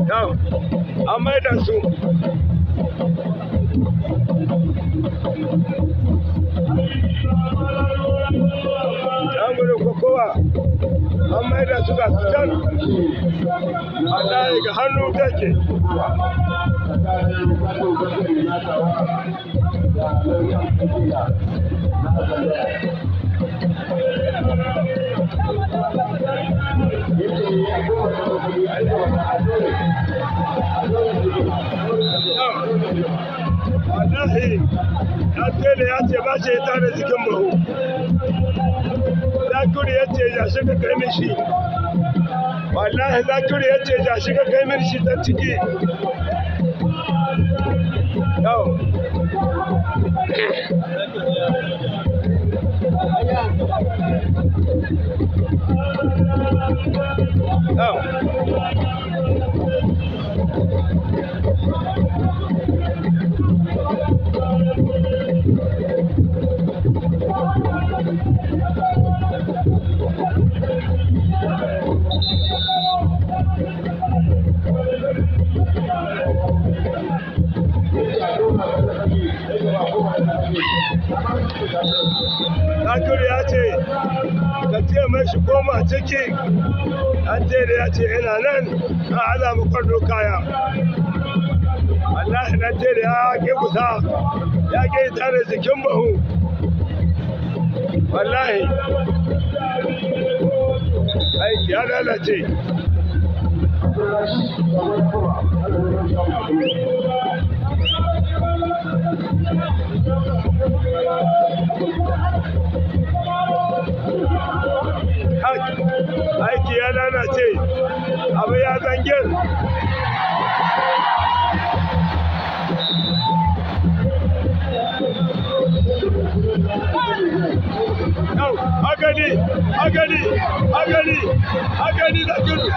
an maida su ko kowa an su ga su can a ga hannu take Thank you. wallahi ya tele ya ce ba shi ta da jikin mahu zakuri ya ce ya shiga kai mishi wallahi zakuri ya ce ya shiga kai mishi ta ciki yau Oh. Zakiru ya ce, ka ce mai koma ciki, an ce da ya ce ina nan na aza mu kwardo kaya. Allah na ce da ya ke kusa, ya ke tare jikin bahu. wallahi aiki ya lalace aiki ya lalace abu ya zangin agani agani agani da gudu